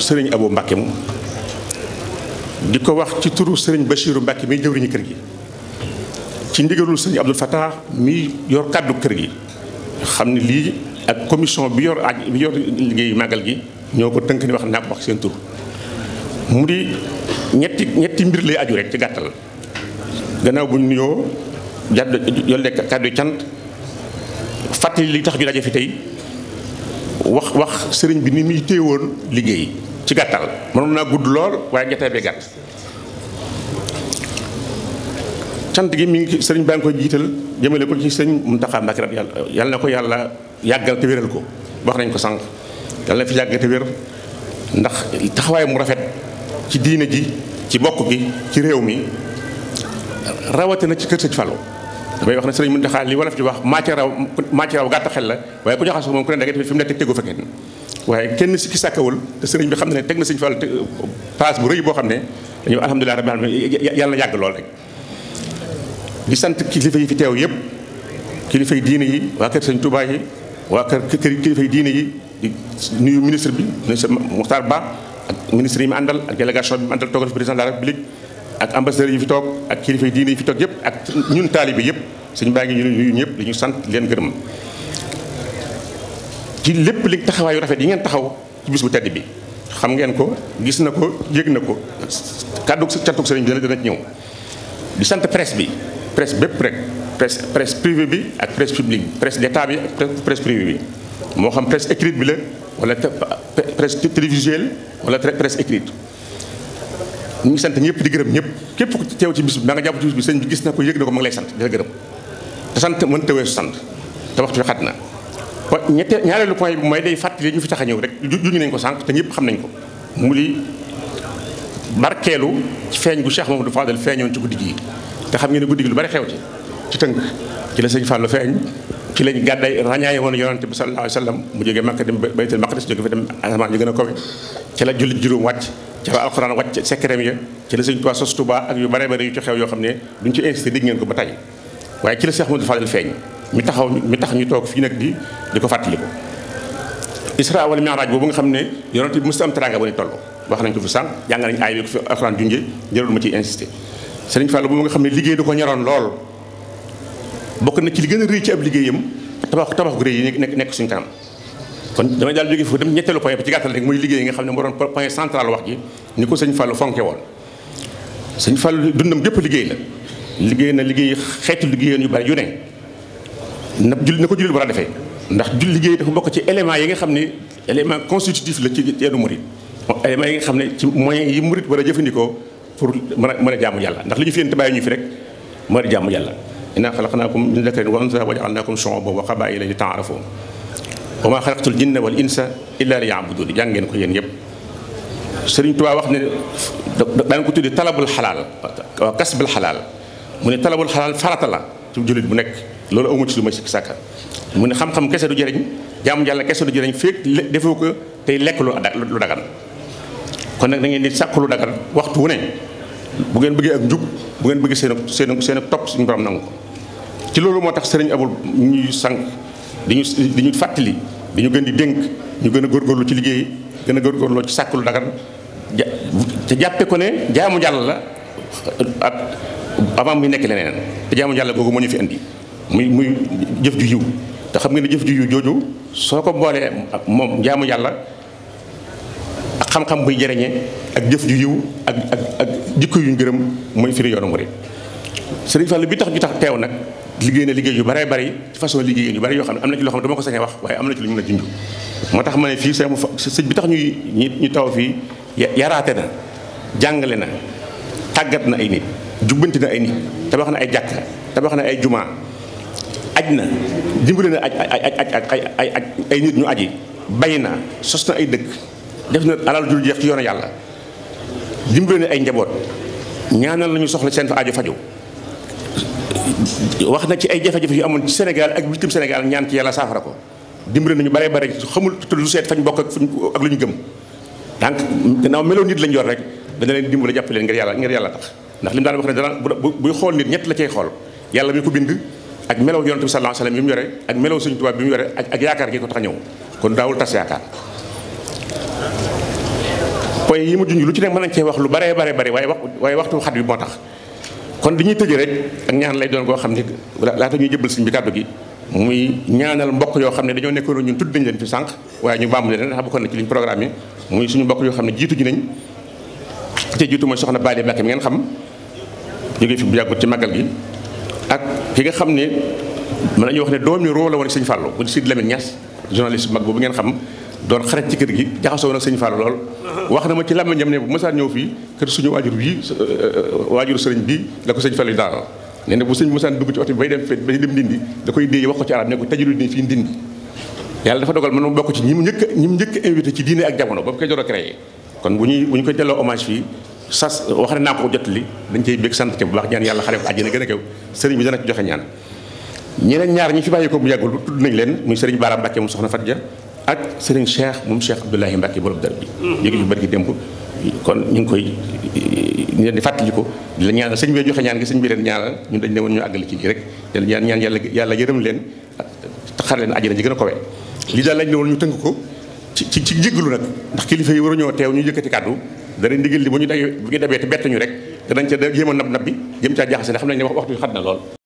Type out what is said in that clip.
sëriñ Abo Mbàkke mu di ko wax ci turu sëriñ Bachiru Mbàkke mi jëwriñu kër gi ci ndigalul sëriñ Abdul Fattah mi yor kàddu kër gi xam ne lii ak commision bi yor aj bi yor liggéey màggal gi ñoo ko tënk ni wax naa ko wax seen tur mu di ñetti ñetti mbir lay aju rek ci gàttal gannaaw bu ñu nuyoo jàdd yolle kàddu cant fàttali li tax ñu daje fi tey wax wax sëriñ bi ni muy téewoon liggéey ci gàttal mënoon naa gudd lool waaye jotaay bi gàtt cant gi mi ngi sëriñ baa ngi koy jiital jëmale ko ci sëriñ Muntaxa Mbàkke yàlla na ko yàlla yàggal te wéral ko wax nañ ko sànq yàlla na fi yàggal te ndax taxawaay mu rafet ci diine ji ci bokk gi ci réew mi rawatina ci kër sëñ falo damay wax ne sëriñ Muntaxa li wolof di wax maa ca raw maa ca raw gàtt xel la waaye ku joxaso moom ku ne da nga fi mu nekk tegu fa kenn waaye kenn sikki sàkkawul te sëriñ bi xam ne teg na sëñ Fallu place bu rëy boo xam ne dañu alhamdulilah rabbil alamin yàlla na yàgg lool rek di sant kilifa yi fi teew yëpp kilifa yi diine yi waa kër sëñ Touba yi waa kër kilifa yi diine yi di nuyu ministre bi ministre Mokhtar Ba ak ministre yi mu àndal ak délégation bi mu àndal toogal ak ambassadeurs yi fi toog ak kilifa yi diine yi fi toog yëpp ak ñun taalibe yëpp suñ baa ngi ñu nuyu ñëpp di ñu sant leen gërëm ci lépp li taxawaayu rafet yi ngeen taxaw ci bis bu tedd bi xam ngeen ko gis na ko yëg na ko kàddu cantuk sëriñ bi dana ci ñëw di sant presse bi presse bépp rek presse presse privée bi ak presse publique presse d'état bi ak presse privée bi moo xam presse écrite bi la wala presse télévisuelle wala presse écrite ñu ngi sant ñëpp di gërëm ñëpp képp ku teew ci bis bi da nga jàpp ci bis bi sëñ bi gis na ko yëg na ko ma ngi lay sant di la gërëm te sant mën ta weesu sant te waxtu bi xat na ñette ñaareelu point bi mooy day fàttali ñu fi tax a ñëw rek juñu nañ ko sànq te ñëpp xam nañ ko mu di barkeelu ci feeñ gu Cheikh Mamadou Fadal feeñoon ci guddi gi te ne guddi gi lu bari xew ci ci ci la sëñ Fallou feeñ ci lañ gàdday ràññaaye woon yonante bi sallallahu alayhi wa sallam mu jógee Makka dem Baytul Maqdis jóge fa dem a kawe ci la jullit juróom wàcc ca la alxuraan wàcc sekkereem ya ci la sëñ sos Tuubaa ak yu bare bare yu ci xew yoo xam ne duñ ci insisté dégg ngeen ko ba tey waaye ci la Seex Ahmadul Fadil feeñ mi taxaw mi tax ñu toog fii nag di di ko fàttaliku isra wala mi'raaj boobu nga xam ne yonent bi mosut am teraanga bu ni wax nañ ko fi sànq jàng nañ aay bi ko fi alxuraan junjee jërul ma ciy insisté sëriñ Fallou boobu xam ne liggéey da ko ñaroon lool bokk na ci li gën a rëy ci ab liggéeyam tabax tabax gu rëy yi nekk nekk suñu kanam kon damay daal jóge foofu dem ñetteelu point bi ci gàttal rek muy liggéey nga xam ne moo doon point central wax ji ni ko sëñ Fallou fonke woon sëñ Fallou dundam gépp liggéey la liggéey na liggéey xeetu liggéeyoon yu bari yu ne na jul ko jullit war a defee ndax jul liggéey dafa bokk ci élément yi nga xam ne élément constitutif la ci yenn murit élément yi nga xam ne ci moyens yi murit war a jëfandikoo pour mën a mën a jaamu yàlla ndax li ñu fi yéen te ñu fi rek mën a jaamu yàlla inaa xalaqnaakum min dakarin wa unsaa wa ja'alnaakum shu'uuban wa maa xalaqtul jinna wal insa illa li yaabuduni jàng ngeen ko yéen yëpp Sëriñ Tuubaa wax ne daan ko tuddi talabul xalaal waaw kasbul xalaal mu ne talabul xalaal farata la ci jullit bu nekk loolu amu ci mu ne xam-xam kese du jëriñ jaamu Yàlla kese du jëriñ fekk ko tey lekk lu lu dagan nag da ngeen di sàkk lu dagan waxtu ne bu ngeen bëggee ak njub bu ngeen bëggee seen seen seen topp suñ borom nangu ko ci loolu moo tax sëriñ abul ñuy sànq di ñu fàttali di ñu gën di dénk ñu gën a góorgóorlu ci liggéey gën a góorgóorlu ci sàkk lu dagan te jàppe ko ne jaamu jàll la ak avant muy nekk leneen te jaamu jàll googu fi indi muy muy jëf ju te xam nga ne jëf ju jooju soo ko boolee ak moom jaamu yàlla ak xam-xam buy jëriñe ak jëf ju yiw ak ak ak yu ñu gërëm mooy firi yoonu murid sëriñ Fallou bi tax ñu tax teew nag liggéey na liggéey yu bare bari ci façon liggéey yu bari yoo xam ne am na ci loo xam ne dama ko sañ a wax waaye am na ci lu ñu mën a junj moo tax ma ne fii sëñ bi tax ñuy ñu taw fii yaraate na jàngale na tàggat na ay nit jubbanti na ay nit tabax na ay jàkka tabax na ay jumaa aj na dimbali na aj ay ay nit ñu aji bay na sos na ay dëkk def na alal jul jeex ci yoonu yàlla dimbali na ay njaboot ñaanal lañu soxla seen fa aajo faju wax na ci ay jafe-jafe yu amoon ci Sénégal ak bitim Sénégal ñaan ci yàlla saafara ko dimbali nañu bare bare xamul te lu seet fañ bokk ak lu ñu gëm donc gannaaw meloo nit lañ yor rek dana leen dimbali jàpp leen ngir yàlla ngir yàlla tax ndax li mu daan wax ne dana buy xool nit ñett la cay xool yàlla mi ko bind ak melow yonent bi sallallahu alayhi bi mu yore ak melow Sëriñ Tuubaa bi mu yore ak ak yaakaar gi ko tax ñëw kon daawul tas yaakaar point yi mu junj lu ci nekk mën nañ cee wax lu bare bare bare waaye wax waaye waxtu xat bi moo kon li dañuy tëj rek ak ñaan lay doon koo xam ne laata ñuy jëbal suñ bi kàddu gi muy ñaanal mbokk yoo xam ne dañoo nekkoon ñu tudd nañ leen fi sànq waaye ñu baamu leen xam bokkoon na ci liñ programme yoo xam ne jiitu ji nañ te jiitu mooy soxna Bali Mbacke mi ngeen xam jógee fi bu yàggut ci màggal gi ak ki nga xam ne man mën nañu wax ne doom yi roo la woon Sëñ Fallou bu Sidi Lamine Niass journaliste mag boobu ngeen xam doon xarit ci kër gi jaxasoo nag sëñ Fall lool uh-huh. wax na ma ci làmmiñam ne bu mësaan ñëw fii kër suñu waajur bii euh, euh, waajur sëriñ bi la ko sëñ Fall yi daal nee bu sëñ mësaan dugg ci oto bi bay dem fii bay dem koy déey wax ko ci arab ne ko tajiru ni fii ndindi ma bokk ci ñi mu njëkk ñi njëkk invité ci diine ak jamono ba koy door kon bu ñuy bu ñu koy delloo hommage fii sas wax ne naa ko jot li dañ cey bég sant ci bu baax yàlla xare ko a kaw sëriñ bi dana ci joxe ñaan ñeneen ñaar ñi fi bàyyi ko bu yàggul tudd nañ leen muy sëriñ Baara Mbàkke mu soxna Fat Ja ak Serigne Cheikh moom Cheikh Abdoulahi Mbacke borom dër bi. Mm-hmm. yëg yu bari démb kon ñu ngi koy ñu leen di fàttaliku di la ñaanal sëñ bi joxe ñaan gi sëñ bi leen ñaanal ñun dañ ne woon ñu àggale ci lii rek di ñaan ñaan yàlla yàlla yërëm leen taxar leen àjjana ji gën a kowe lii daal lañ ne woon ñu tënk ko ci ci ci jéggalu nag ndax kilifa yi waruñoo teew ñu yëkkati kàddu danañ ndigal li bu ñu dajee bu ñu dabee te bett ñu rek danañ ca jéem a nab nab bi jëm caa jaaxase ne xam nañ ne wax waxtu xat na lool